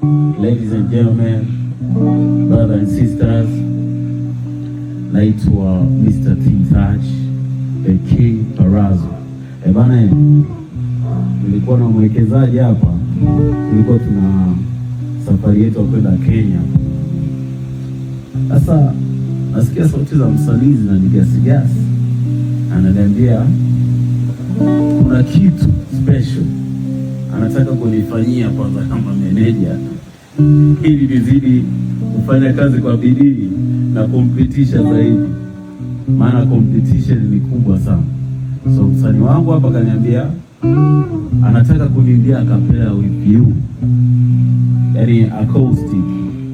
Ladies and gentlemen, brothers and sisters, naitwa Mr. Timtaj King Parazo. Eh, bana, eh, nilikuwa na mwekezaji hapa, tulikuwa tuna safari yetu ya kwenda Kenya. Sasa nasikia sauti za msanii zinanigasigasi, ananiambia kuna kitu special anataka kunifanyia kwanza kama meneja, ili nizidi kufanya kazi kwa bidii na kumpitisha zaidi, maana competition ni kubwa sana. So msanii wangu hapa kaniambia anataka kuniimbia akapea with you, yani acoustic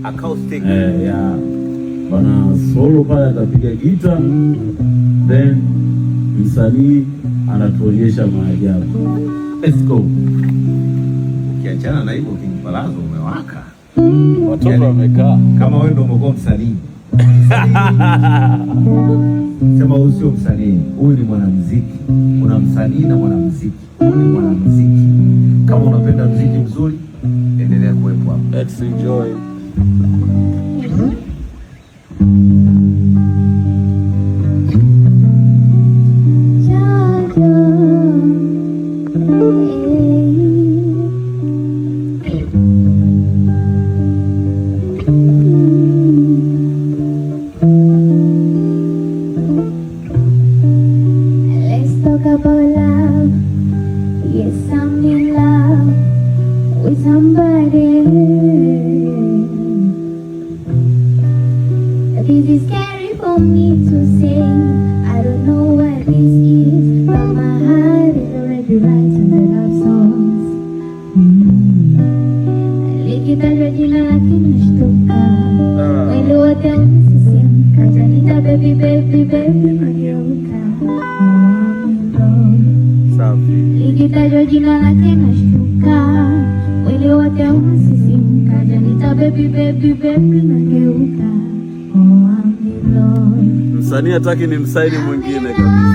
acoustic eh, ya bana solo pale, atapiga gita then msanii anatuonyesha maajabu. Let's go ukiachana na hivyo, ukijipalaza umewaka, mm, watoto wamekaa kama wewe ndio umekuwa msanii. Sema huyu sio msanii, huyu ni mwanamuziki. Kuna msanii na mwanamuziki, huyu ni mwanamuziki. Kama unapenda muziki mzuri, endelea kuwepo hapo. Let's enjoy. I don't know why this is, but my heart is already writing the love songs. Halika talaga na akin na shtuka. May luwag ang sisim ka. Janita, baby, baby, baby, magyaw ka. Halika talaga na akin na shtuka. Mwili wote umesisimka. Janita, baby, baby, baby, Oh, I'm in love. msanii hataki ni msaini mwingine kabisa.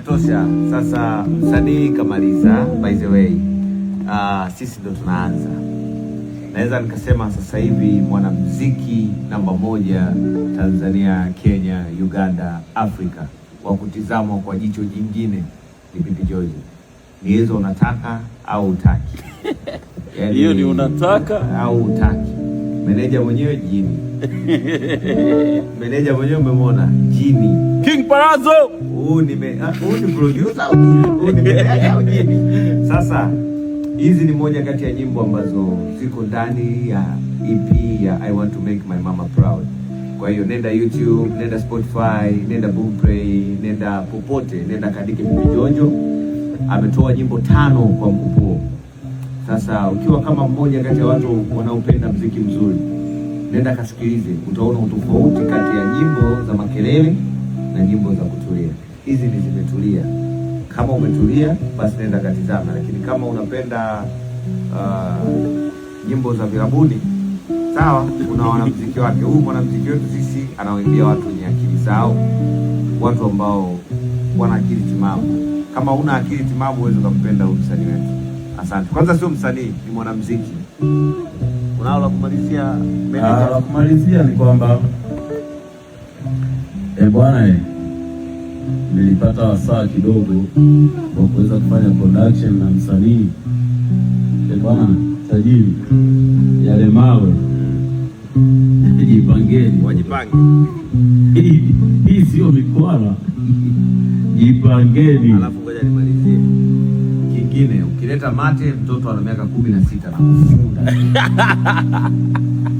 Inatosha sasa, msanii kamaliza. By the way, uh, sisi ndo tunaanza. Naweza nikasema sasa hivi mwanamuziki namba moja Tanzania, Kenya, Uganda, Afrika wa kutizamwa kwa jicho jingine ni Pipi George. Ni hizo unataka au utaki, yaani hiyo yani, ni unataka au utaki Meneja mwenyewe jini. Meneja mwenyewe umemwona jini. King Parazo. Huu ni me, ah, huu ni producer. Huu ni meneja au jini? Sasa hizi ni moja kati ya nyimbo ambazo ziko ndani ya EP ya I want to make my mama proud. Kwa hiyo nenda YouTube, nenda Spotify, nenda Boomplay, nenda popote, nenda kadiki mjonjo. Ametoa nyimbo tano kwa mkupuo. Sasa ukiwa kama mmoja kati ya watu wanaopenda mziki mzuri, nenda kasikilize, utaona utofauti kati ya nyimbo za makelele na nyimbo za kutulia. Hizi ni zimetulia. Kama umetulia, basi nenda katizama, lakini kama unapenda uh, nyimbo za vilabuni sawa, kuna wanamziki wake. Huyu mwanamziki wetu sisi anawaimbia watu wenye akili zao, watu ambao wana akili timamu. Kama una akili timamu, huwezi ukampenda huyu msanii wetu. Asante. Kwanza sio msanii, ni mwanamuziki. Unao la kumalizia Ah, La kumalizia ni kwamba eh, bwana eh, nilipata wasaa kidogo kwa kuweza kufanya production na msanii eh, bwana tajiri, yale mawe jipangeni, wajipange. Hii sio mikwala, jipangeni. Alafu ngoja nimalizie kingine Ukileta mate mtoto ana miaka kumi na sita na kufunga